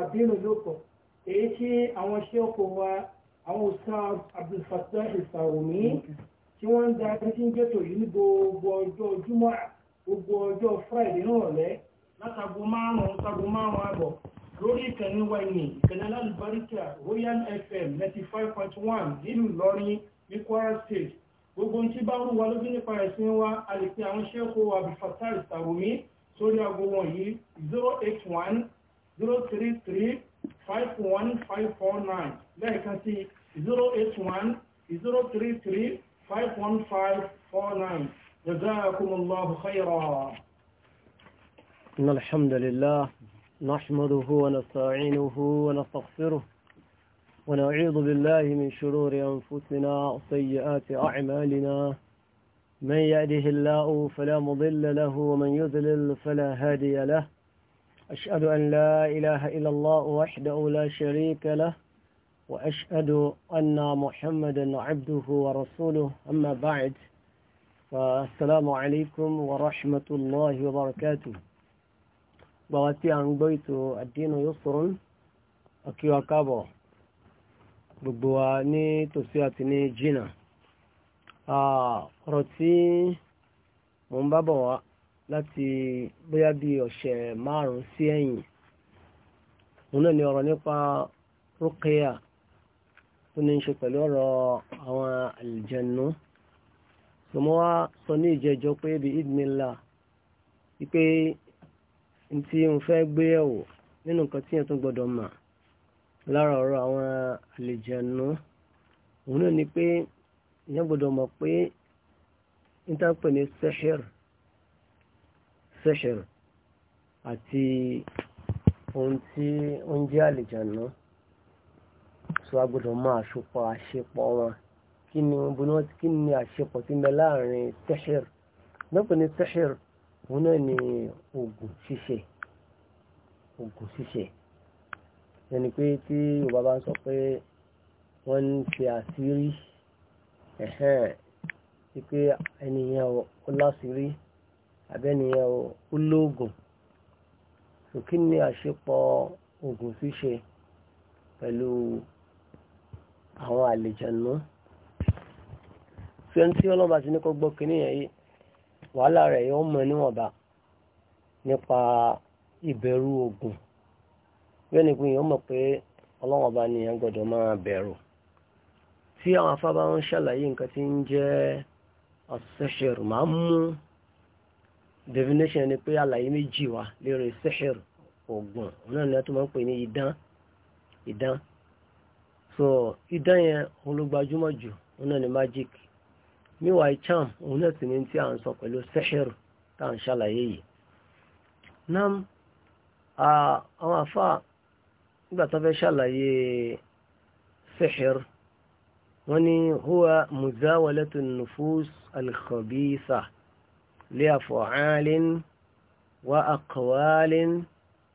àbínú lóko èyí tí àwọn iṣẹ́ ọkọ̀ wa àwọn Ustaz Abdulfatah Al-Sarumi tí wọ́n ń da títí ń jẹ́tò yìí ní gbogbo ọjọ́ Jímọ̀ gbogbo ọjọ́ Friday náà rẹ̀ látago márùn-ún sago márùn-ún àbọ̀ lórí ìkànnì wa ìkànnì alálùbáríkà Royal FM ninety five point one nílùú Ìlọrin ní Kwara State gbogbo ohun tí bá ń wà lójú nípa ẹ̀sìn wa a lè pe àwọn iṣẹ́ ọkọ̀ Abdulfatah al sórí aago wọ̀nyí zero eight one 081 033 51549 جزاكم الله خيرا إن الحمد لله نحمده ونستعينه ونستغفره ونعوذ بالله من شرور أنفسنا وسيئات أعمالنا من يهده الله فلا مضل له ومن يذلل فلا هادي له أشهد أن لا إله إلا الله وحده لا شريك له وأشهد أن محمدا عبده ورسوله أما بعد فالسلام عليكم ورحمة الله وبركاته بغتي عن بيت الدين يسر أكي وكابو ببواني تسياتني جنا آه رتي من بابا láti bóyá bí ọ̀sẹ̀ márùn-ún sí ẹ̀yìn òun náà ni ọ̀rọ̀ nípa rúkẹ́yà tó ní ṣe pẹ̀lú ọ̀rọ̀ àwọn àlìjẹ̀nú tó mọ́ wá sọ ní ìjẹjọ pé ibi ìdínlá wípé tí n fẹ́ gbé ẹ̀wò nínú nǹkan tí yẹn tó gbọ́dọ̀ mà lára ọ̀rọ̀ àwọn àlìjẹ̀nú òun náà ni pé ìyẹn gbọ́dọ̀ mọ̀ pé níta pè ní sẹ́hẹ́rì sẹ́ṣẹ̀r àti ohun tí ó ń jẹ́ àlìjànà tó a gbọ́dọ̀ máa ṣopọ̀ àṣepọ̀ wọn kí ni bóná kí ni àṣepọ̀ tí ń láàrin sẹ́ṣẹ̀r lọ́pọ̀ ní sẹ́ṣẹ̀r òun ni oògùn ṣíṣe oògùn ṣíṣe ẹni pé tí Yorùbá bá ń sọ pé wọ́n ń ṣe àṣírí ẹ̀hẹ́n ti pé ẹnìyàn ó àbẹ́niyàn ó lóògùn so kí ni àṣepọ̀ oògùn ṣíṣe pẹ̀lú àwọn àlejànú fẹ́ni tí ti ní kó gbọ́ yìí wàhálà rẹ̀ yóò mọ níwọ̀nba nípa ìbẹ̀rù ogun bẹ́ẹ̀ ni kúnyìn mọ̀ pé ọlọ́wọ́n bá ní gbọ́dọ̀ máa bẹ̀rù tí àwọn afábá ń ṣàlàyé nǹkan definition ni pé àlàyé méjì wá lórí sihir oògùn náà ni wọ́n tún máa ń pè ní idán idán so idán yẹn òun ló gbajúmọ̀ jù òun náà ni magic meanwhile charm òun náà sì ní tí à ń sọ pẹ̀lú sihir tá à ń ṣàlàyé yìí nam àwọn àfa nígbà tó fẹ́ ṣàlàyé sihir wọ́n ní huwa muzawalatu nufus al لأفعال وأقوال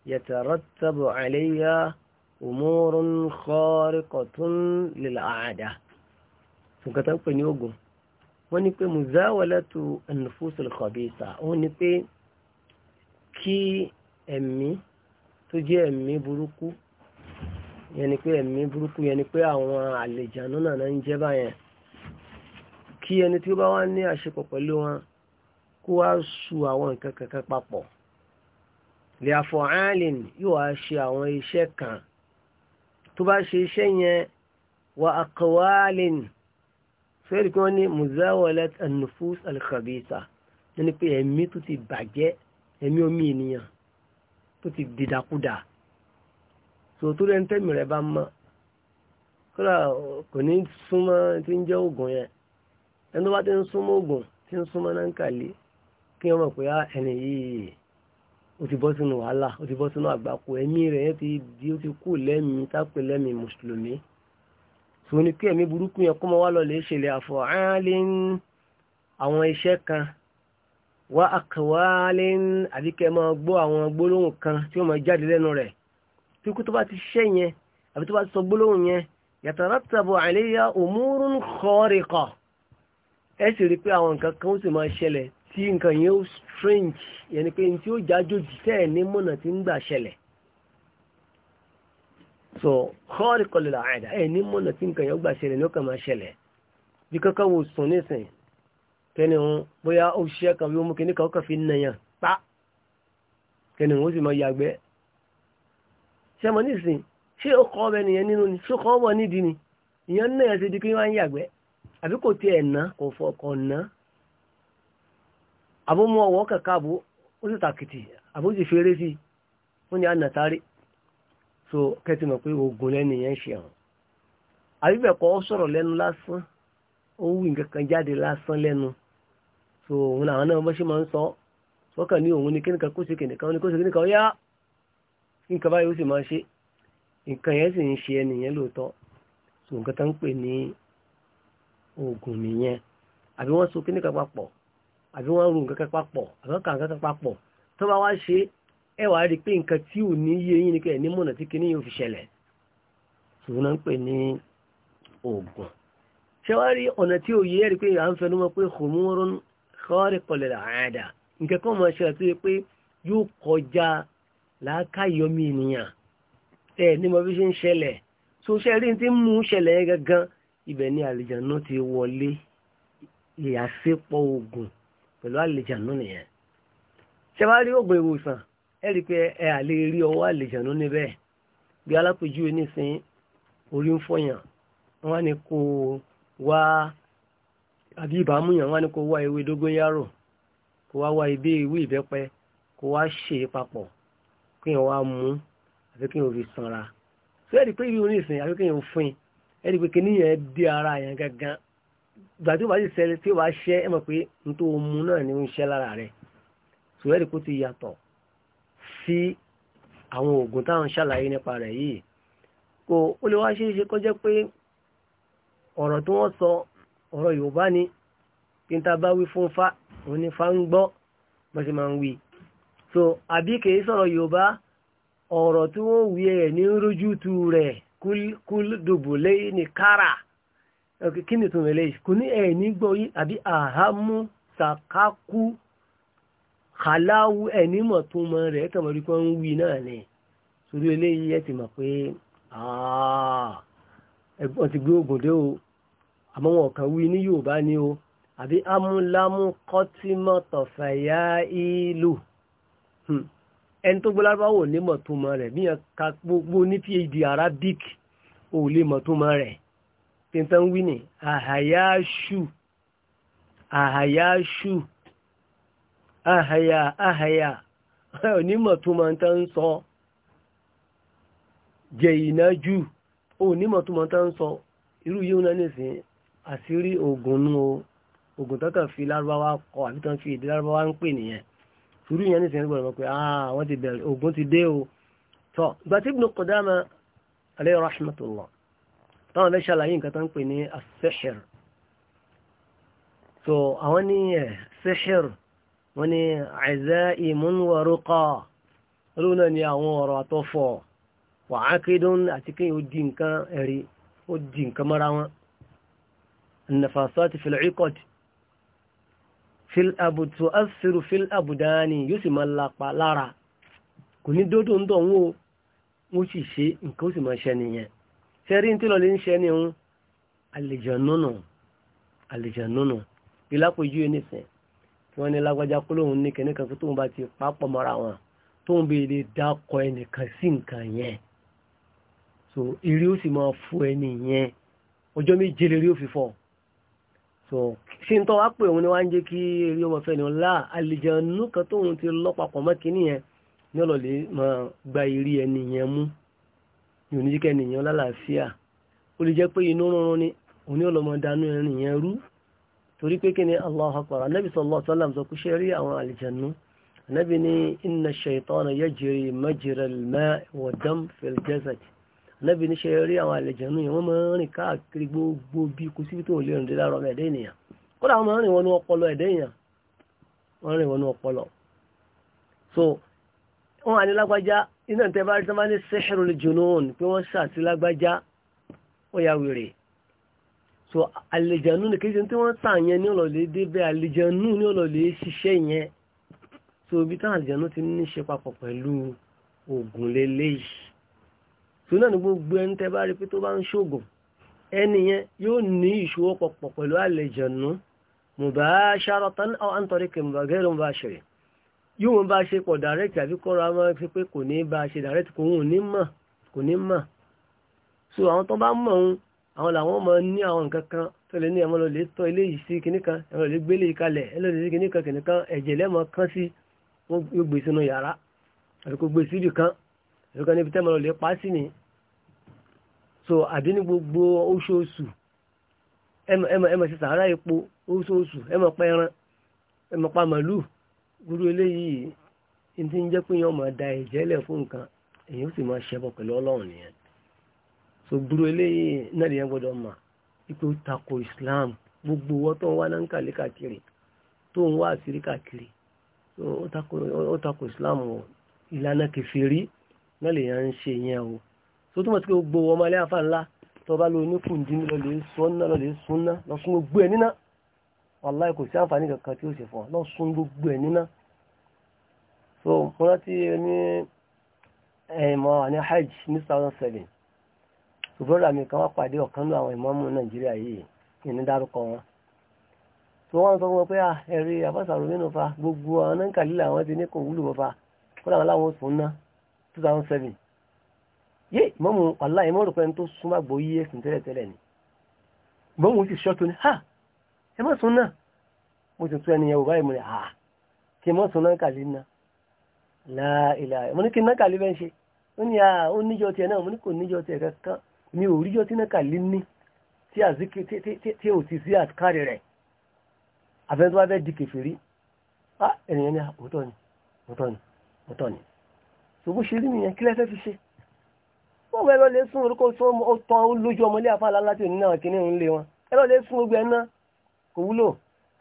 يترتب عليها أمور خارقة للعادة nǹkan tó ń pè ní ogun wọ́n ní pé muzawalatu an-nufusil khabisa wọ́n ní pé kí ẹ̀mí tó jẹ́ ẹ̀mí burúkú yẹn ni pé ẹ̀mí burúkú yẹn ni pé àwọn àlejànú náà ń jẹ́ báyẹn kí ẹni tí ó bá wá ní àṣepọ̀ pẹ̀lú wọn kó wá su àwọn nǹkan kankan papọ̀ lẹ́àfọ̀ allen yóò wá ṣe àwọn iṣẹ́ kan tó bá ṣe iṣẹ́ yẹn wa akọwalin fẹ́rí kí wọ́n ní muzawalat an-nufus al pé ẹ̀mí tó ti bàjẹ́ ẹ̀mí omi ènìyàn tó ti dìdàkudà so tó lẹ́nu tẹ́mi rẹ̀ bá mọ́ kódà kò ní súnmọ́ tí ń jẹ́ oògùn yẹn ẹni tó bá ti ń súnmọ́ oògùn tí ń súnmọ́ náà ń kàlẹ́ kí wọ́n mọ̀ pé ah, ẹni yìí ó ti bọ́ sínú wàhálà ó ti bọ́ sínú àgbákò ẹ̀mí rẹ̀ yẹn ti di ó ti kú lẹ́mìí tápẹ́ lẹ́mìí mùsùlùmí so ni kí ẹ̀mí burúkú yẹn kọ́mọ wá lọ́lẹ̀ ìṣẹ̀lẹ̀ àfọ̀ ààlín àwọn iṣẹ́ kan wá àkàwálín àbíkẹ́ máa gbọ́ àwọn gbólóhùn kan tí ó máa jáde lẹ́nu rẹ̀ tí kú tó bá ti ṣiṣẹ́ yẹn àbí tó bá ti sọ gbólóhùn yẹn yatarattabu alayya umurun khariqa ẹ sì rí pé àwọn nǹkan kan ó sì máa ṣẹlẹ̀ tí nǹkan yẹn ó strange yẹn ni pé n tí ó jájòjì tẹ́ẹ̀ ní mọ̀nà tí ń gbà ṣẹlẹ̀ so kọ́ọ̀rì kọlùlà àìdá ẹ̀ ní mọ̀nà tí nǹkan yẹn ó gbà ṣẹlẹ̀ ní ó kàn máa ṣẹlẹ̀ bí kankan wo sùn nísìn kẹ́ni òun bóyá ó ṣiṣẹ́ kan bí ó mú kíní kan ó kàn fi nàyàn pa kẹ́ni òun ó sì máa yàgbẹ́ ṣé mo nísìn ṣé ó kọ́ ọbẹ̀ nìyẹn nínú ni ṣé ó kọ́ ọbọ̀ nídìí ni ìyẹn náà ti di pé wọ́n á yàgbẹ́ àbí kò tiẹ̀ ná kò fọkàn ná àbúmọ̀ ọwọ́ kẹ̀kẹ́ àbú ó sì tàkìtì àbú sì fèrè sí wọ́n ni a nà sáré so kẹ́tì mọ̀ pé ogun lẹ́nu yẹn ṣe hàn àbíbẹ̀kọ́ sọ̀rọ̀ lẹ́nu lásán ó wí nǹkan jáde lásán lẹ́nu so òun làwọn náà bọ́ ṣe máa ń sọ sọ́kàn ní òun ni kí nìkan kó ṣe kìnìkan ní kó ṣe kìnìkan yá nǹkan báyìí ó sì máa ṣe nǹkan yẹn sì ń ṣe ẹnìyẹn lóòótọ́ so nǹkan tó ń pè ní ogun nìyẹn àbí wọ́n so kìnìkan papọ̀ àbí wọ́n rú nǹkan kan papọ̀ àwọn kan nǹkan kan papọ̀ tó bá wá ṣe ẹ wàá rí i pé nǹkan tí ò ní yé yín ni kẹ́ ẹ̀ ní mọ̀nà tí kinní yóò fi ṣẹlẹ̀ ṣùgbọ́n náà ń pè ní oògùn ṣé wàá rí ọ̀nà tí ò yé ẹ pé à ń fẹnu mọ́ pé khumurun khariqul al'ada nǹkan kan máa ṣẹlẹ̀ tó yẹ pé yóò kọjá làákàyọmí ènìyàn ẹ ní mo fi ṣe ń ṣẹlẹ̀ tó ṣe rí ti ń mú ṣẹlẹ̀ gangan ibẹ̀ ni àlìjànú ti wọlé ìyàsípọ̀ oògùn pẹ̀lú àlejànú nìyẹn ṣe bá rí ògbò ìwòsàn ẹ rí i pé ẹ à lè rí ọwọ́ àlejànú níbẹ̀ bí alápèjúwe nísìn orí ń fọyàn wọn ni kò wá àbí ìbámúyàn wọn ni kò wá ewé dógóyárò kò wá wá ibé ìwé ìbẹ́pẹ kò wá ṣe é papọ̀ kí wọ́n wá mú àbí kí wọ́n fi sanra so ẹ rí i pé irú oníṣìn àbí kí wọ́n fún ẹ rí i pé kí níyẹn dé ara yẹn gángan gbà tí ó bá sì ṣẹlẹ̀ tí ó bá ẹ mọ̀ pé n tó mu náà ni ó ń ṣẹ́ lára rẹ̀ sùwẹ́rì kó ti yàtọ̀ sí àwọn oògùn táwọn ṣàlàyé nípa rẹ̀ yìí kò ó lè wá ṣeé ṣe kó pé ọ̀rọ̀ tí wọ́n sọ ọ̀rọ̀ Yorùbá ni kí n ta bá wí fún fa òun ni fa ń gbọ́ bó ṣe máa ń wí so àbí kìí sọ̀rọ̀ Yorùbá ọ̀rọ̀ tí wọ́n wí ẹ̀ ní rójútu rẹ̀ kúl dùbùlé ní kára ọkẹ kí ni ìtumọ̀ eléyìí kò ní ẹ̀ nígbọ́ yí àbí àhámú sàkákú kàláwú ẹ̀ nímọ̀ tó mọ rẹ̀ ẹ̀ kàmọ́ rí pé ń wí náà ni sórí eléyìí ẹ̀ ti mọ̀ pé ẹ̀gbọ́n ti gbé oògùn dé o àmọ́ wọn wí ní Yorùbá ni o àbí amúlámú kọ́tímọ̀ tọ̀fẹ̀yà ìlú hmm. ẹni tó gbọ́lárúbá wò tó mọ rẹ̀ bí yẹn ka gbogbo ní PhD Arabic ò lè mọ̀ tó mọ rẹ̀ kí n tán wí ní àhàyáṣù àhàyáṣù àhàyà àhàyà onímọ̀ tó máa tán ń sọ jẹ ìnájú onímọ̀ tó máa tán ń sọ irú yíò náà nìsín àṣírí ogun nú o ogun tó kàn fi lárúbáwá kọ àbí tán fi èdè lárúbáwá ń pè nìyẹn irú yẹn nìsín gbọ́dọ̀ mọ̀ pé àwọn ti bẹ̀rẹ̀ ogun ti dé o tọ́ ìgbà tí Ibn Qudama alayhi rahmatullah táwọn fẹ́ ṣàlàyé nǹkan tó ń pè ní asẹ́ṣẹ̀r so àwọn ní ẹ̀ sẹ́ṣẹ̀r wọ́n ní àìzẹ́ ìmúnwọ̀rúkọ olóhùn náà ní àwọn ọ̀rọ̀ àtọ́fọ̀ wà á kédún àti kí ó di nǹkan ẹ̀rí ó di nǹkan mọ́ra wọn annafasati fil'ikot fil sẹ́rí tí lọ́lẹ́ ń ṣe ní ohun àlèjànúnà àlèjànúnà bí lápòjú ẹnìsẹ̀ tí wọ́n ní lágbájá kó lóun ní kẹ́nìkan tó tóun bá ti pápọ̀ mọ́ra wọn tóun bí lè dákọ ẹnìkan sí nǹkan yẹn so eré ó sì máa fún ẹni yẹn ọjọ́ méje lè rí òfìfọ́ so ṣe ń tọ́ wá pé òun ni wá ń jẹ́ kí eré ọmọ fẹ́ ni wọn lá àlèjànú kan tóun ti lọ́pàpọ̀ mọ́ kínní yẹn ní ọ̀lọ́lẹ́ máa gba eré ẹni yẹn mú yóò ní jíkẹ́ nìyẹn lálàáfíà ó lè jẹ́ pé inú rúnrún ni òní ọlọ́mọ dánú ẹni yẹn rú torí pé kí ni Allahu Akbar anábì sallallahu alaihi wasallam sọ pé ṣe rí àwọn àlìjẹ̀nu anábì ní inna ash-shaytana yajri majra al-ma'i wa dam fil jasad anábì ní ṣe rí àwọn àlìjẹ̀nu yẹn kódà wọ́n rìn wọnú ọpọlọ ẹ̀dẹ́ ènìyàn rìn wọnú ọpọlọ so wọ́n á ní lágbájá iná tẹ bá rí tán bá ní sẹ́ṣẹ̀rù lè jùnú òun pé wọ́n ṣàti lágbájá ó ya wèrè so àlejànú ni kéjì tí wọ́n tà yẹn ní ọ̀lọ́lẹ̀ débẹ̀ àlejànú ní ọ̀lọ́lẹ̀ ṣiṣẹ́ yẹn so ibi táwọn àlejànú ti ní ṣe papọ̀ pẹ̀lú oògùn lélẹ́yìí so náà ní gbogbo ẹni tẹ rí pé tó bá ń ṣoògùn ẹni yẹn yóò ní ìṣòwò pọ̀ pẹ̀lú àlejànú mubasharatan aw an tariqin ghayri mubashirin yóò mọ bá ṣe pọ̀ direct àbí kọ́ra máa fi pé kò ní bá ṣe direct kò ń ní mọ̀ kò ní mọ̀ so àwọn tó bá mọ̀ ń àwọn làwọn mọ̀ ní àwọn nǹkan kan tó lè ní ẹ̀mọ́ lọ lè tọ́ ilé yìí sí kinní kan ẹ̀mọ́ lọ lè gbé lè kalẹ̀ lè sí kinní kan kinní kan ẹ̀jẹ̀ lẹ́mọ̀ kan sí wọ́n yóò gbé sínú yàrá àbí kò gbé síbì kan àbí kan níbi tẹ́mọ̀ lọ lè pa sí ni so àbí ní gbogbo oṣooṣù ẹ̀mọ̀ ẹ̀mọ̀ ẹ̀mọ̀ sí sàárà epo oṣooṣù ẹ̀mọ̀ pa ẹran pa màlúù gbúrú eléyìí ní ti ń jẹ́ pé yẹn máa da ẹ̀jẹ̀ lẹ̀ fún nǹkan èyí ó sì máa ṣẹbọ pẹ̀lú ọlọ́run so gbúrú eléyìí náà nìyẹn gbọ́dọ̀ mà ipò tako Islam gbogbo owó tó ń wá náà ń kàlé káàkiri tó ń wá àṣírí káàkiri ó tako Islam o ìlànà kẹfìrí náà lè yẹn ń ṣe so túmọ̀ sí pé gbogbo ọmọ ńlá tó bá lo gbogbo ẹ̀ wàláì kò sí àǹfààní kankan tí ó ṣe fún ọ lọ sun gbogbo ẹ̀ níná so mo rántí ní ẹ̀mọ́ ní hajj ní 2007 ṣùgbọ́n mi kan wá pàdé ọ̀kan ní àwọn ìmáàmù nàìjíríà yìí ìní dárúkọ wọn tó wọ́n sọ fún wọn pé ẹ̀rí àbáṣàrò nínú fa gbogbo àwọn náà kàlílà àwọn ti ní kò wúlò fa kó làwọn láwọn sùn ná 2007 yé ìmáàmù wàláì mọ́rùn-ún pẹ́ni tó súnmọ́ àgbò yíyé sùn tẹ́lẹ̀tẹ́lẹ̀ ni ìmáàmù sì ṣọ́tún ha ẹ mọ́ sún náà mo sì tún ẹniyàn báyìí mo rẹ̀ à kí mọ́ sún náà kàlí náà láìlà mo ní kí náà kàlí bẹ́ẹ̀ ṣe ó ní à ó níjọ tiẹ̀ náà mo ní kò níjọ tiẹ̀ kankan mi ò ríjọ tí náà kàlí ní tí àzíkí tí ò ti sí àkárẹ̀ rẹ̀ àfẹ́ni tó bá fẹ́ di kẹfìrí á ènìyàn ní òótọ́ ni òótọ́ ni òótọ́ ni tó bó ṣe rí nìyẹn kí lẹ́fẹ́ fi ṣe wọ́n wẹ́ lọ lè sún orúkọ tó tán lójú ọmọlé afáàlá láti òní náà kìíní òun lé wọn ẹ lọ lè sún gbogbo náà kò wúlò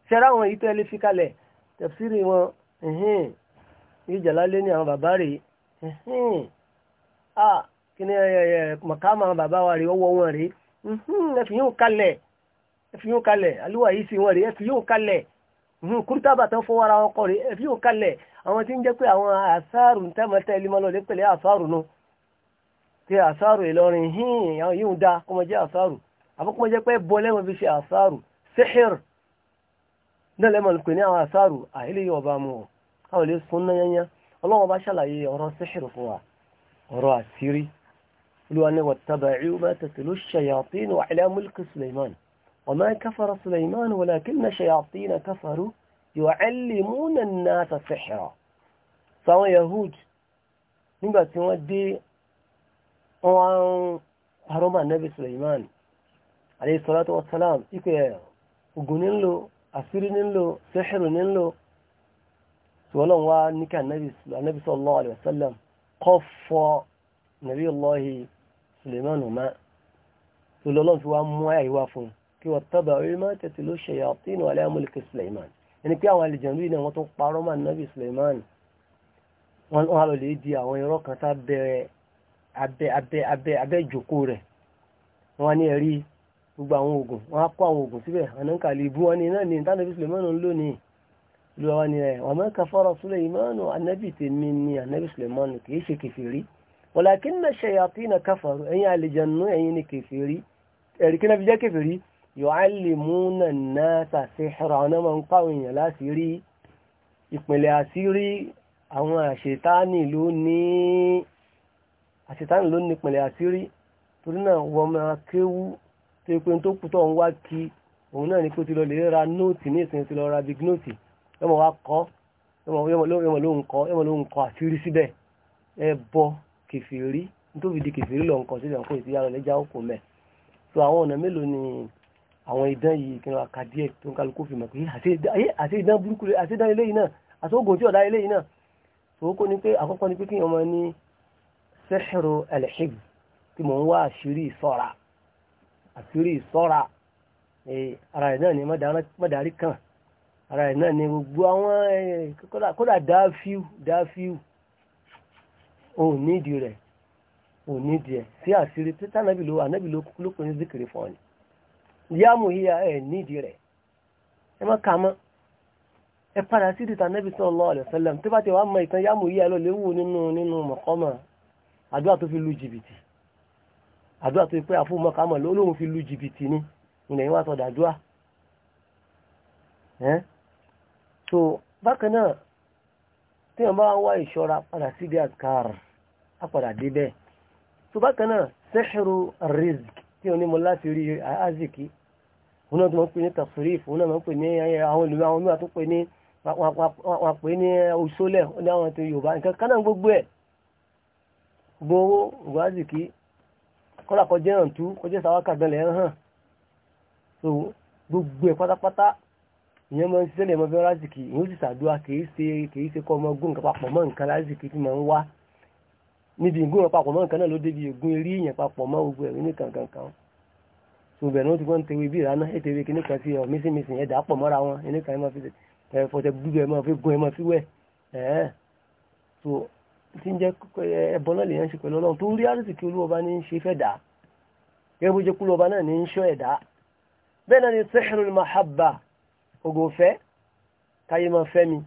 ṣẹ́ra àwọn èyí tó ẹlẹ́ fi kalẹ̀ tẹ̀fsírì wọn ìjàlálé ní àwọn bàbá rèé ah kí ni màkàmà àwọn bàbá wa rèé ọwọ́ wọn rèé ẹ̀fì yóò kalẹ̀ ẹ̀fì yóò kalẹ̀ alúwà yìí sí wọn rèé ẹ̀fì yóò kalẹ̀ kúrútàbà tó fọwọ́ ara wọn kọ rèé ẹ̀fì yóò kalẹ̀ àwọn tí ń jẹ́ pé àwọn àṣàrù tẹ́mọ̀tẹ́ ìlímọ́lọ́dẹ́ pẹ̀lẹ́ àṣàrù náà tí àṣàrù Ìlọrin hìn àwọn àṣàrù sihir náà lẹ́mọ̀ pè ní àwọn àsáàrù àìlè ọba mu ọ àwọn ilé súnná yányá ọlọ́wọ́n bá ṣàlàyé ọ̀rọ̀ sihir fún wa ọ̀rọ̀ àṣírí olúwa ní wattaba'u ma tatlu ash-shayatin ala mulki Sulaiman wa ma kafara Sulaiman walakinna ash-shayatin kafaru yu'allimuna an-nasa sihra sáwọn Yahud nígbà tí wọ́n dé wọ́n parọ́mà Nabi ogun ní ń lò àṣírí ní ń lò sẹ́ṣẹ̀rù ní ń lò tí wọ́n lọ́n wá ní kí anábì sallallahu alaihi wasallam kọ́ fọ nàbí ọlọ́hì Suleiman ọ̀mà tó lọ́lọ́n fi wá mú ayé wá fún kí wọ́n tọ́ba orí máa tẹ̀tẹ̀ ló ṣe yàtínú ala mulki Suleiman ẹni pé àwọn àlejàndú yìí náà wọ́n tún parọ́ mọ́ anábì Suleiman wọ́n á lọ lè di àwọn irọ́ kan sábẹ́ abẹ́ abẹ́ abẹ́ abẹ́ ìjòkó rẹ̀ wọ́n ní ẹ̀rí gbogbo àwọn oògùn wọ́n á kó àwọn oògùn síbẹ̀ ànáǹkàlì ìbú wọn ni náà ni tánàbí Sùlẹ̀mánù ń lò ní ìlú wa ni ẹ̀ wọ́n mẹ́ka fọ́rọ̀ Sùlẹ̀mánù anábì tèmi ni anábì Sùlẹ̀mánù kì í ṣe kèfèrí walakinna shayatina kafaru ẹ̀yin àlejànú ẹ̀yin ni kèfèrí ẹ̀rí kí náà fi jẹ́ kèfèrí yu'allimuna an-nasa sihra ọ̀nà máa ń èèyàn láṣìírí ìpìnlẹ̀ àṣírí àwọn àṣetáni ló ní àṣetáni ló ní ìpìnlẹ̀ àṣírí torí náà wọ́n máa kéwú tó yẹ pé tó kù tó ń wá kí òun náà ní kó ti lọ lè ra nóòtì ní ìsìn ti lọ ra big nóòtì yọmọ wá kọ yọmọ ló ń kọ yọmọ ló ń kọ àṣírí síbẹ̀ ẹ bọ kẹfìrí nítorí di kẹfìrí lọ ń kọ síbẹ̀ nǹkan ìsìn yàrá lẹ́jà òkú mẹ́ so àwọn ọ̀nà mélòó ni àwọn idán yìí kí wọ́n ka díẹ̀ tó ń kálukú fi mọ̀ pé àti idán burúkú àti idán eléyìí náà àti oògùn tí ọ̀dá eléyìí náà fòókó ni pé àkọ́kọ́ ni pé kí ọmọ ní sẹ́ṣẹ̀rọ ẹ̀lẹ́ṣẹ̀gù tí mò ń wá àṣírí ìṣọ́ra àṣírí ìṣọ́ra ara ẹ̀ náà ni mọ́darí kan ara ẹ̀ náà ni gbogbo àwọn kódà dáfíù dáfíù òun nídìí rẹ̀ òun nídìí ẹ̀ sí àṣírí títà náà bìlò ànábì ló pè ní zikiri fún ọ ni yáàmù yíya ẹ̀ nídìí rẹ̀ ẹ má kà mọ́ ẹ padà sí ìdìtà ànábì sallallahu alaihi wasallam tó bá ti wàá mọ ìtàn yáàmù yíya lọ léwu nínú nínú mọ̀kọ́mọ̀ àdúrà tó fi lu jìbìtì àdúrà tó pé àfúnmọ́ ká mọ̀ lóhùn fi lu jìbìtì ni ilẹ̀ yìí wá sọ dàdúrà ẹ́ so bákan náà tí wọ́n bá ń wá ìṣọ́ra padà síbi àkàr àpàdà débẹ̀ so bákan náà sẹ́ṣẹ̀rù rizq tí wọ́n ní mo láti rí aziki wọn náà tó máa ń pè ní tafsirif wọn náà máa ń pè ní àwọn ìlú àwọn mìíràn tó pè ní wọn pè ní òṣòlẹ̀ ní àwọn ti Yorùbá nǹkan kan náà gbogbo ẹ̀ gbowó gbaziki kọ́lá kọjá hàn tú kọjá sàwákà gẹlẹ̀ hàn so gbogbo ẹ̀ pátápátá ìyẹn máa ń ṣiṣẹ́ lẹ́mọ fẹ́ rásìkì ìyẹn ó sì ṣàdúrà kìí ṣe kìí ṣe kọ́ ọmọ ogún nǹkan papọ̀ mọ́ nǹkan rásìkì tí máa ń wá níbi ìgún yẹn papọ̀ mọ́ nǹkan náà ló débi ìgún eré yẹn papọ̀ mọ́ gbogbo ẹ̀rí nìkan kankan so bẹ̀rẹ̀ wọn ti wọ́n ń tewé bí ìlànà ẹ̀ tewé kìíní kan sí ọ mísìmísì yẹn dà pọ̀ mọ́ra wọn ẹnìkan ẹ̀ fọ̀tẹ̀ gbígbẹ́ ẹ̀ máa fi gun ẹ̀ máa fi wẹ̀ ẹ̀ẹ́ so tí ń jẹ́ ẹbọ náà lèyàn ṣe pẹ̀lú ọlọ́run tó rí àrísìkí olúwọba ní í ṣe fẹ́ dà gẹ́gẹ́ bó jẹ́ kú lọ́ba náà ní ṣọ́ ẹ̀dá bẹ́ẹ̀ náà ni sihrul mahabba fẹ́ káyé máa fẹ́ mi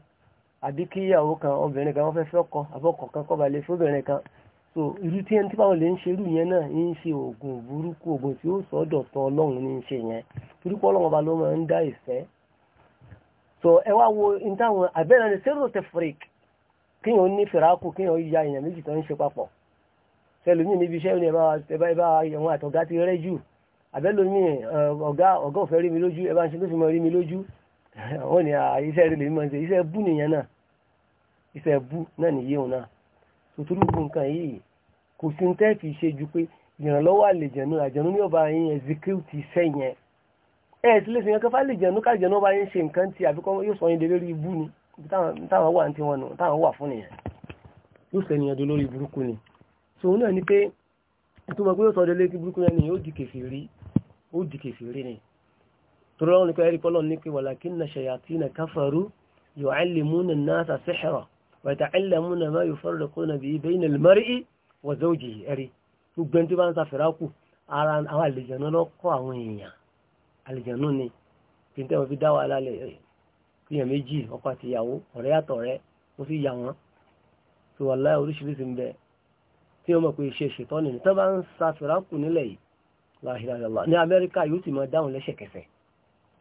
àbí kí ìyàwó kan obìnrin kan wọ́n fẹ́ fẹ́ àbọ̀kọ̀ kan kan so irú tí ẹni tí báwọn lè ń ṣe irú yẹn náà ń ṣe oògùn burúkú oògùn tí ó sọ ní í ṣe yẹn ọba ló máa ń dá so ni kíyàn ní fìràkù kíyàn ya èèyàn méjì tó ń ṣe papọ̀ sẹlómi níbi iṣẹ́ ní ẹ̀bá ẹ̀bá ẹ̀wọ̀n àtọ̀gá ti rẹ́ jù àbẹ́lómi ọ̀gá ọ̀gá òfẹ́ rí mi lójú ẹ̀bá ń ṣe tó fi mọ rí mi lójú wọ́n ní iṣẹ́ rí lèmi máa ń ṣe iṣẹ́ bú nìyẹn náà iṣẹ́ bú náà nìyí òun náà sòtúrú fún nǹkan yìí kò sí ní tẹ́ẹ̀fì ṣe ju pé ìrànlọ́wọ́ àlejànú àjànú ní ọba yín execute iṣẹ́ yẹn ẹ̀ẹ́dì lè fi yẹn kẹfà ọba yín ṣe nǹkan ti àbíkọ́ yóò sọ yín délé rí ibú ni táwọn wà ní tí wọ́n nù táwọn wà fún nìyẹn yóò sẹ́ni ẹ̀dọ́ lórí burúkú ni so òun náà ni pé ìtumọ̀ pé yóò sọ ọdẹ létí burúkú yẹn ni yóò di kèfèrí ó di kèfèrí ni torí ọlọ́run nípa ẹ̀rí pọ́lọ́run ní pé walakinna shayatina kafaru yu'allimuna an-nasa sihra wa yata'allamuna ma yufarriquna bihi bayna al-mar'i ẹ̀rí gbogbo ẹni tó bá kí n tẹ́wọ́ fi kíyàn méjì ọkọ àti ìyàwó ọ̀rẹ́ àtọ̀rẹ́ ó sì yà wọ́n tó wà láì oríṣiríṣi ń bẹ tí wọ́n mọ̀ pé iṣẹ́ ṣètọ́ nìyí tó bá ń sa fìràkù nílẹ̀ yìí láhìláhìlá ní amẹ́ríkà yóò ti máa dáhùn lẹ́sẹ̀kẹsẹ̀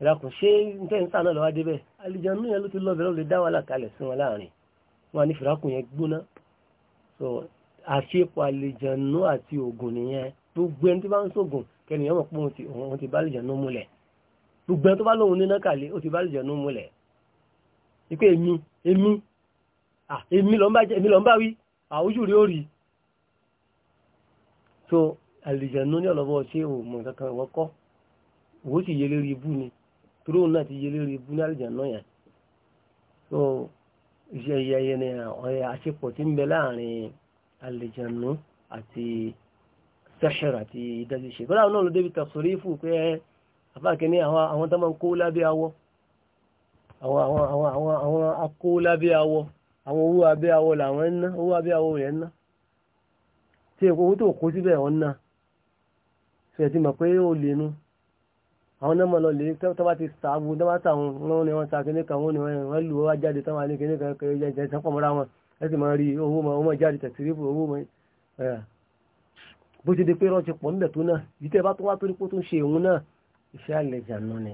ìràkùn ṣé ń tẹ́ ń sà náà lọ́wọ́ débẹ̀ alìjẹun yẹn ló ti lọ bẹ̀rẹ̀ lè dá wàhálà kalẹ̀ sí wọn láàrin wọn ní fìràkùn yẹn gbóná so àṣepọ̀ alìjẹun àti ògùn nìyẹn gbogbo ẹni tó bá ń sógùn kẹ́niyàn mọ̀ pé òun ti bá alìjẹun múlẹ̀ gbogbo ẹni tó bá lóun níná kàlẹ́ ó ti bá alìjẹun múlẹ̀ ipé èmi èmi èmi lọ ń bá wí àwújù rí ó so àlìjànú ní ọ̀lọ́bọ̀ ṣé o mọ̀ kankan wọ́kọ́ òwò sì yẹlé rí ibú ni tóró náà ti yẹlé rí ibú ní àlìjànú yẹn so iṣẹ́ ìyẹyẹ ni àṣepọ̀ tí ń bẹ láàrin àlìjànú àti sẹ́ṣẹ̀r àti ìdájú ṣe kọ́lá náà ló débi tàṣírí fún pé àbákẹ́ ní àwọn tó máa ń kó lábẹ́ awọ́ àwọn àwọn àwọn àwọn àwọn akó lábẹ́ awọ àwọn owó abẹ́ awọ làwọn ń ná owó abẹ́ awọ yẹn ń ná tí èkó owó tó kó síbẹ̀ wọn náà fẹ̀ẹ́ ti mọ̀ pé ó lè nu àwọn náà mọ̀ lọ lè tó bá ti sàábù tó bá sàwọn wọn ni wọn sa kíní kan wọn ni wọn lù wá jáde tó wà ní kíní kan kẹrẹ jẹ ìjẹsán pọ̀ mọ́ra wọn ẹ sì máa rí owó mọ owó jáde tẹ̀sírífù owó mọ bó ti di pé rọ́ọ̀tì pọ̀ níbẹ̀ tó náà yìí tẹ́ bá tó wá torí pé tó ń ṣe òun náà iṣẹ́ àlejànú ni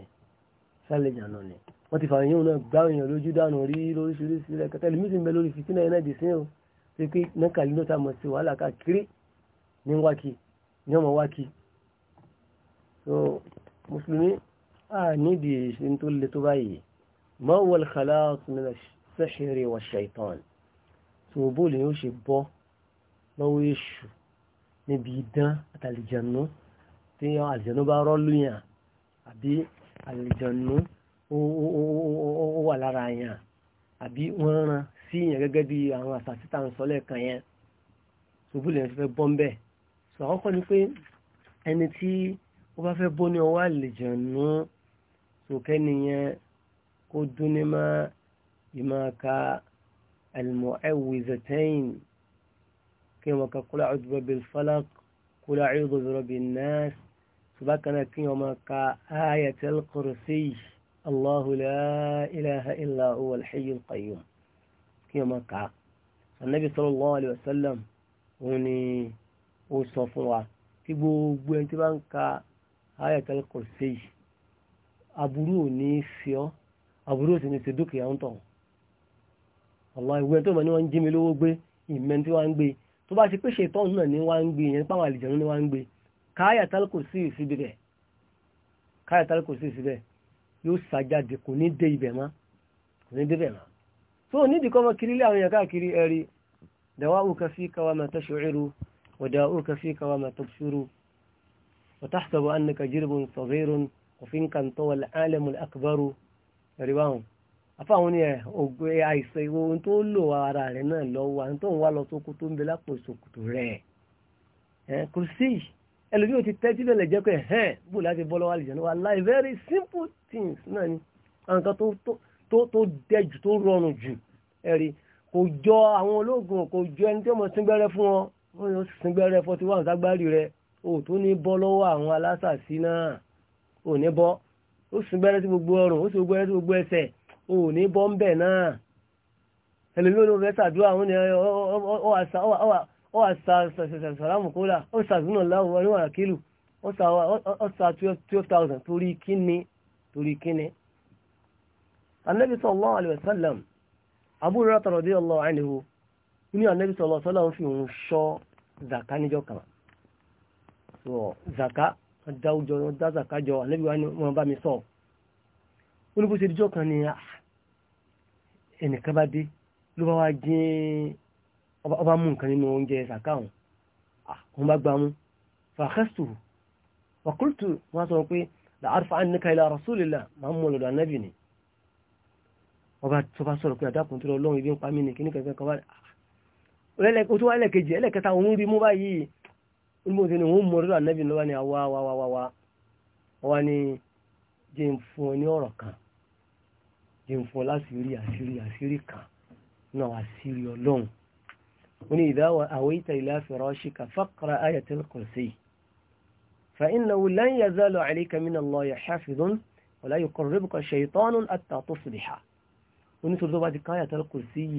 iṣẹ́ àlejànú ni wọ́n ti fàyẹ̀yìn òun náà gbá èèyàn lójú dànù rí lóríṣiríṣi rẹ̀ kẹta ẹlòmíì sì ń bẹ lórí fìtínà yẹn náà dì sí o ṣe pé nọ́kàlí ló ta mọ̀ sí wàhálà káàkiri ní wákì ní ọmọ wákì so mùsùlùmí a nídìí ìṣe tó le tó báyìí ma huwa al-khalas min as-sihr wa ash-shaytan so bóòlù yóò ṣe bọ́ lọ́wọ́ èṣù níbi idán àtàlìjànú tí àlìjànú bá rọ́ lóyìn àbí àlìjànú ó wà lára yàn àbí wọ́n ran sí yàn gẹ́gẹ́ bí àwọn àṣàṣì tá à ń sọ lẹ́ẹ̀kan yẹn ṣubú lè fẹ́ bọ́ mbẹ́ sọ àkọ́kọ́ ni pé ẹni tí ó bá fẹ́ bọ́ ní ọwọ́ àlejànú sòkẹ́ nìyẹn kó dún ní má ìmọ̀ ká al-mu'awwidhatayn kí wọ́n ka qul a'udhu bi rabbil falaq qul a'udhu bi rabbin nas ṣùgbọ́n kí wọ́n ka ayatul kursi yìí. الله لا إله إلا هو الحي القيوم كما قال النبي صلى الله عليه وسلم وني وصفوا tí gbogbo ẹni tí bá ń ka ayatul kursi aburú ò ní fi ọ́ aburú ò sì ní ṣe dúkìá ń tàn ọ̀la ìwé tó mọ̀ ní wọ́n ń jí mi lówó gbé ìmẹ́ tí wọ́n ń gbé tó bá ṣe pé ṣe tọ́hún náà ni wọ́n ń gbé ìyẹn páwọn àlìjẹ̀nu ni wọ́n ń gbé ka ayatul kursi síbi rẹ̀ ka ayatul kursi síbi rẹ̀ yóò sàjáde kò ní dé ibẹ̀ mọ́ kò ní débẹ̀ mọ́ tó nídìí kọ́ mọ́ kiri ilé àwọn èèyàn káàkiri ẹ̀rí dawa'uka fika wa ma tash'uru wa da'uka fika wa ma tabsuru wa tahsabu annaka jirbun saghirun wa finka intawa al-alamu al-akbaru ẹ̀rí báwọn afáwọn ni ẹ̀ àìsàn ìwò ohun tó lò ara rẹ̀ náà lọ́wọ́ àwọn tó ń wá lọ sókú tó ń bẹ lápò ìsòkòtò rẹ̀ kùrùsí ẹlòmíì ò ti tẹ́tí lẹ́lẹ̀ jẹ́ pé hẹ́n bò láti bọ́ lọ́wọ́ àlìjẹ́ náà láì very simple things náà ni àwọn kan tó dẹ́jù tó rọrùn jù ẹ̀rí kò jọ àwọn ológun kò jọ ẹni tí wọ́n síngbẹ́rẹ́ fún wọn wọ́n yóò síngbẹ́rẹ́ forty one ságbárì rẹ̀ o tó ní bọ́ lọ́wọ́ àwọn alásàsí náà ò ní bọ́ ó síngbẹ́rẹ́ sí gbogbo ọrùn ó sì gbẹ́rẹ́ sí gbogbo ẹsẹ̀ ò ní bọ́ ń bẹ̀ náà ẹlòmíì ò ní fẹ́ sàdúrà wọn ni ọ ó wà sàlámù kódà ó sàzúnà láwùwá ní wàrà kílù ó sà twelve thousand torí kíni torí kíni. anabi sallallahu alayhi wa sallam Abu Hurairah radiyallahu anhu ní anabi sallallahu alayhi wa sallam fi òun ṣọ́ zaka níjọ́ kan so zaka dáwùjọ dá zaka jọ anabi wa ni wọn bá mi sọ ó ní kan ni ah, ẹnìkan bá dé ló bá wá jẹ́ ọba mú nǹkan nínú oúnjẹ sàkáhùn àwọn ah, bá gbámú fàkẹ́sù wàkúrùtù wọ́n sọ pé láàrífà annika ila rasulillah ma mú ọlọ́dọ̀ anábì ni ọba tó bá sọ̀rọ̀ pé àdákùn tó lọ́wọ́ ibi ń pa mí ah. ní kíní kẹfẹ́ wá ni òun mú ọlọ́dọ̀ anábì lọ́wọ́ ni àwa wa wa ni jẹ́ ń fún ọ ní ọ̀rọ̀ kan jẹ́ ń fún ọ láti ọlọ́run ó ní idha awaita ila firashika faqra ayatul kursi فإنه لن يزال عليك من الله حافظ ولا يقربك شيطان حتى تصبح ونسل ذو بعد كاية القرسي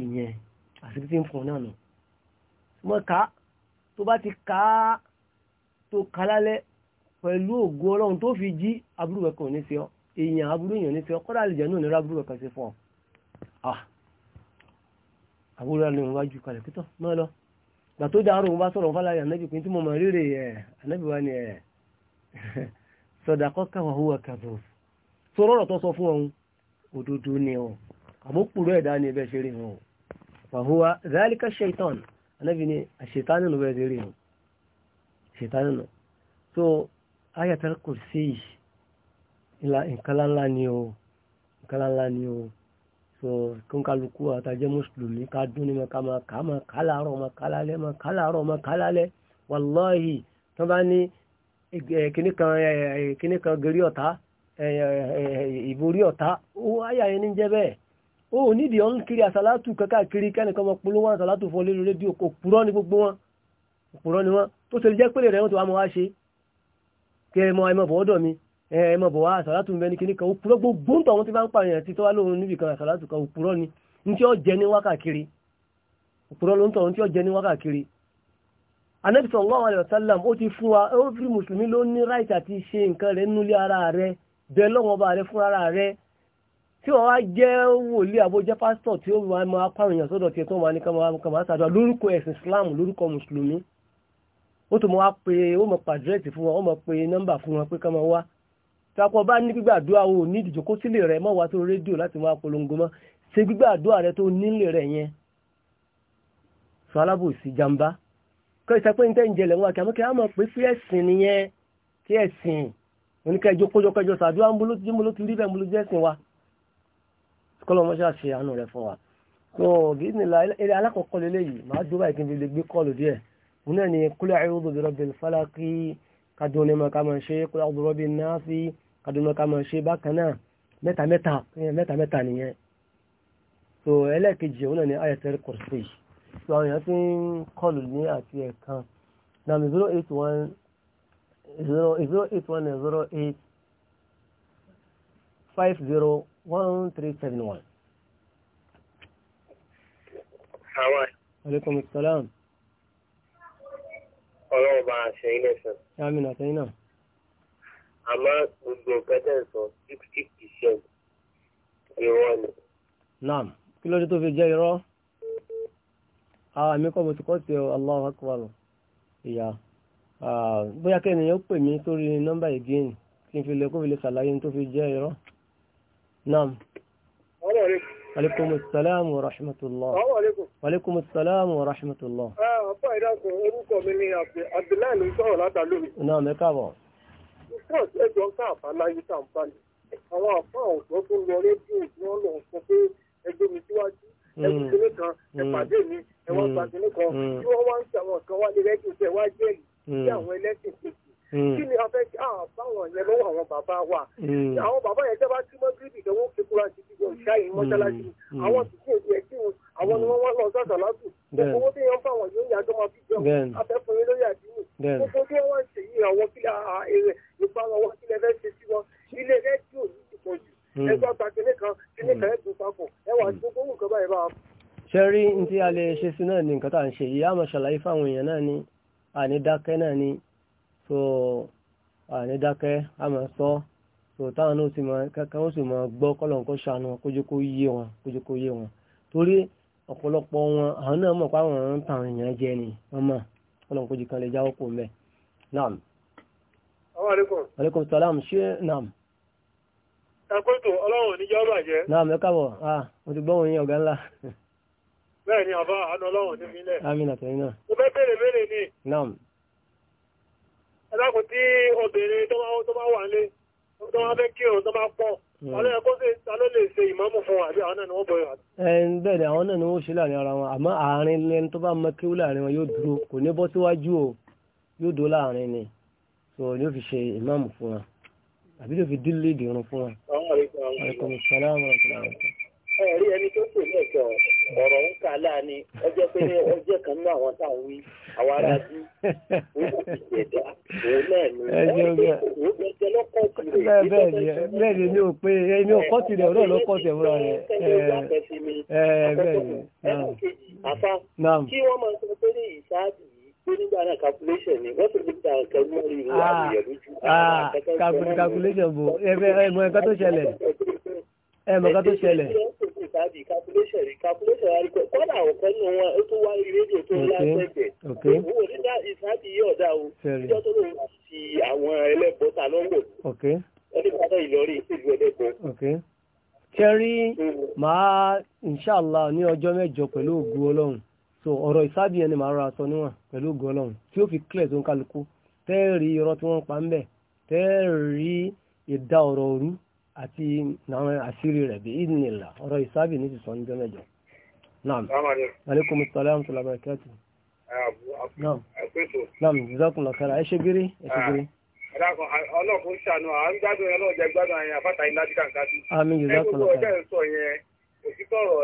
أسكتين فونانو ثم كا tó bá ti ká tó kalálẹ́ pẹ̀lú àbúrò ni òun wá ju kalẹ̀ pítọ̀ mọ́ lọ gbà tó dáhùn òun bá sọ̀rọ̀ fún aláya ànábì pé tí mo mọ̀ rírè ẹ̀ ànábì wa ni ẹ̀ sọ̀dàkọ́ káwọn òwúwa kàbọ̀ sọ̀rọ̀ ọ̀rọ̀ tó sọ fún ọ̀hún òdodo ni ọ̀ àmọ́ ẹ̀dá ni ẹbẹ̀ ṣe rí wọn ọ̀ fàhùwà zálíkà ṣètàn ànábì ni àṣetánì ló bẹ́ẹ̀ rí wọn so kí n kálukú àtàjẹ́ mùsùlùmí ká dún ní ma ká máa kà máa kà láàárọ̀ máa kà lálẹ́ máa kà láàárọ̀ máa kà lálẹ́ wàláhì tó bá ní kíní kan gẹ̀rí ọ̀tá ìborí ọ̀tá ó ayà yẹn ní jẹ́ bẹ́ẹ̀ ó nídìí ọ̀n kiri àsálátù kákàkiri kẹ́nìkan máa polówó àsálátù fún olórí rédíò kò purọ́ ní gbogbo wọn òpùrọ́ ni wọn tó ṣe lè jẹ́ pẹ́lẹ̀ rẹ̀ wọ́n ti wá mọ́ wá ṣe kí ẹ mọ ẹmọ bọ̀ọ́dọ̀ mi ẹ̀ẹ́mọ̀ bọ̀ wá àsàlátù ń bẹ ní kíníkan òpùrọ̀ gbogbo ń tọ̀wọ́n tí bá ń pààyàn àti tọ́wá lóhun níbi kan àsàlátù kan òpùrọ̀ ni ní tí ó jẹ ní wákàkiri òpùrọ̀ ló ń tọ̀wọ́n tí ó jẹ ní wákàkiri Ànábì sallallahu alaihi wasallam ó ti fún wa ó fi mùsùlùmí ló ní ráìtì àti ṣe nǹkan rẹ̀ nínú ilé ara rẹ̀ bẹ́ẹ̀ lọ́wọ́n bá rẹ̀ fún ara rẹ̀ tí wọ́n wá jẹ́ wòlíì àbójẹ́ pásítọ̀ tí ó wà máa pààyàn sọ́dọ̀ tiẹ̀ tó wà ní kàmá sàdúrà lórúkọ ẹ̀sìn Islam lórúkọ mùsùlùmí ó tó mọ wá pé ó mọ pàdírẹ́tì fún wọn ó mọ pé nọ́mbà fún wọn pé kàmá wá takọ bá ní gbígbàdúrà o ní ìdìjòkó sílé rẹ mọ́ wá tó rédíò láti máa polongo mọ́ ṣe gbígbàdúrà rẹ tó nílé rẹ yẹn sọ alábòsí jàmbá kọ́ ìsapẹ́ ní tẹ́ǹjẹ̀lẹ̀ wọn àkàmọ́kẹ́ àmọ́ pé fí ẹ̀sìn nìyẹn kí ẹ̀sìn oníkẹjọ kójọkẹjọ sàdúrà ń bolo ti rí bẹ́ẹ̀ bolo jẹ́sìn wa kọ́lọ́mọṣá ṣe àánú rẹ fún wa so bísínílà eré alákọ̀ọ́kọ́ lélẹ̀ yìí máa dúró báyìí kí n fi lè gbé kọ́ọ̀lù díẹ̀ òun náà ni kúlẹ̀ àìrúbù bìrọ̀bì fálákì kájọ onímọ̀ ká máa ṣe kúlẹ̀ àìrúbù bìrọ̀bì náà sí kàdúnà ká máa ṣe bákan náà mẹ́ta eh, mẹ́ta mẹ́ta nìyẹn so ẹlẹ́ẹ̀kejì òun náà ni ayatul kursi so àwọn èèyàn ti ń kọlù ní àti ẹ̀kan nam zero eight one zero zero eight one zero eight five ṣe ilé sàn àmọ́ gbogbo nǹkan tẹ̀ sọ sixty percent irọ́ ni. naam kí ló dé tó fi jẹ́ irọ́ àmì kọ́ mo ti kọ́ sí ọ Allahu akbar ìyá bóyá kí ènìyàn pè mí sórí nọ́mbà again kí n fi lè kó fi lè ṣàlàyé tó fi jẹ́ irọ́ naam. Aleykum salaam wa rahmatullah. Aleykum salaam wa rahmatullah. Ọ̀pọ̀ ìdákùn orúkọ mi ni Abdullahi ló ń sọ̀rọ̀ látàlórí. Náà mẹ́kàbọ̀ because ẹjọ́ ń ká àbá tá à balẹ̀ àwọn àbá ọ̀dọ́ tó ń lọ rédíò tí wọ́n lọ sọ pé ẹgbẹ́ mi síwájú ẹgbẹ́ kìnìún mm. kan ẹ̀pàdé mm. mi ẹ̀wọ̀n gbàgbé mm. nìkan tí wọ́n wá ń ṣe àwọn kan wá rédíò tẹ̀ wá jẹ́rìí sí àwọn ẹlẹ́sìn kejì Hmm. kí ni a fẹ́ kí a ah, báwọn yẹn lọ́wọ́ àwọn bàbá wa hmm. àwọn bàbá yẹn tẹ́ bá tí mọ́ gírídì tó wọ́n kékeré àti ìdíje ìṣá yìí mọ́ṣáláṣí hmm. àwọn tìkí èdè ẹ̀ kí wọn àwọn ni wọ́n wá lọ sọ̀tọ̀ látù gbogbo tí wọ́n fáwọn yóò yàtọ̀ máa fi jọ afẹ́fúnni lórí àdínì gbogbo tí wọ́n ṣe yìí àwọn kílẹ̀ ah, ah, èrè nípa àwọn kílẹ̀ fẹ́ ṣe sí wọn ilé rẹ́díò yìí ti pọ̀ jù ẹgbẹ́ ọ̀tà kìnìkan kìnìkan ẹ̀dùn papọ̀ ẹwà gbogbo nǹkan báyìí bá ṣẹ́rí ní tí a lè ṣe sí náà ní nǹkan tá à ń ṣe yìí àmọ́ ṣàlàyé fáwọn èèyàn náà ní ànídákẹ́ náà ní so àní dákẹ́ a máa sọ so táwọn náà sì máa kankan ó sì máa gbọ́ kọ́lọ̀ nǹkan ṣàánú kójú kó yé wọn kójú kó yé wọn torí ọ̀pọ̀lọpọ̀ wọn àwọn náà mọ̀ pé àwọn ń tàwọn èèyàn jẹ ni wọ́n mọ̀ kọ́lọ̀ nǹkan jù kan lè jáwọ́ kó mẹ́ naam. àwọn àlékún. àlékún sàlám ṣé naam. takoto ọlọ́run níjọ́ bàjẹ́. naam ẹ káàbọ̀ ah mo ti gbọ́ wọn yín ọ̀gá ńlá. bẹ́ẹ̀ ni àbá àná ọlọ́run ti fi lẹ̀. amínà tẹ̀yìn ẹ̀dákun tí obìnrin tó bá wà nílé tó bá fẹ́ kírun tó bá pọ̀ ọlọ́yẹ kó sì ta ló lè ṣe ìmáàmù fún wa àbí àwọn náà ni wọ́n bọ̀yọ̀. ẹ bẹ́ẹ̀ ni àwọn náà ni wọ́n ṣe láàrin ara wọn àmọ́ àárín lẹ́nu tó bá mọ kéwú láàrin wọn yóò dúró kò ní bọ́ síwájú o yóò dó láàrin ni so ni ó fi ṣe ìmáàmù fún wa àbí ló fi dílé ìdìrún fún wa. àwọn àlejò àwọn ọmọ ẹ̀rí ẹni tó pè ní ẹ̀kẹ́ ọ̀rọ̀ ọ̀rọ̀ ń kà láàánú ọjọ́ pé ọjọ́ kan náà àwọn tá à ń wí àwọn aráàlú wíwọ́n ti jẹ̀dá òun náà ni wọ́n bẹ jẹ lọ́kọ̀ tirẹ̀. bẹ́ẹ̀ ni bẹ́ẹ̀ ni mi ò pé mi ò kọ́ tirẹ̀ ọ̀rọ̀ ló kọ́ tirẹ̀ fúnra rẹ̀. bẹ́ẹ̀ ni àfa kí wọ́n máa sọ pé ní ìsáàbì nígbà náà calculation ni wọ́n tún gba nǹkan lórí ìwé ah, àwòyẹ lójú. Ah, calculation bo ẹ mọ nǹkan tó ṣẹlẹ̀ ẹ mọ nǹkan tó ṣẹlẹ̀ tàbí calculation rí calculation rí kọ́dà ọ̀kan nínú wọn ó tún wá rédíò tó ńlá sẹ́gbẹ̀ owó nígbà ìsáàbì yìí ọ̀dà o ìjọ tó lòun àti àwọn ẹlẹ́bọ̀ ta ló ń wò ẹni pátá Ìlọrin ìṣèlú ẹlẹ́bọ̀. kẹrí hmm. màá inṣàlá ní ọjọ́ mẹ́jọ pẹ̀lú ògùn ọlọ́run so ọ̀rọ̀ ìsáàbì yẹn ni màá ra aṣọ níwọ̀n pẹ̀lú ògùn ọlọ́run tí ó fi clear tó ń kálukú tẹ́ẹ̀rí irọ́ tí wọ́n pa ń bẹ̀ tẹ́ẹ̀rí ìdá ọ̀rọ̀ òru àti àwọn àṣírí rẹ̀ bí ìdínlá ọ̀rọ̀ ìsáàbì ní ìsọ̀ níjọ́ mẹ́jọ. na Aleykum salaam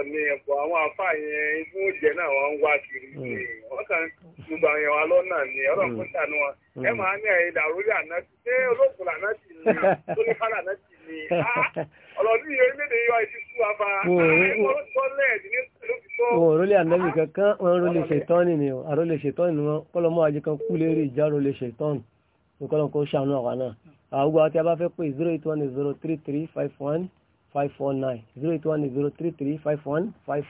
ni ẹ̀pọ̀ àwọn yẹn oúnjẹ náà wọ́n ń wá kiri. Hmm. lọ́nà ni wọn. Hmm. Ẹ hmm. máa ní ni ọlọ́dún yìí orílẹ̀-èdè yọ ìdí fún wa fa wọn rólé ànábì ah. kankan wọn rólé ṣètọ́nì ni wọn àrólé ṣètọ́nì ni wọn kọlọmọ àjẹ kan kú lérí ìjà rólé ṣètọ́nì ní kọlọmọ kó ṣàánú àwa náà àwọn àti a bá fẹ́ pé zero eight one zero three three five one five four nine zero eight one zero three three five one five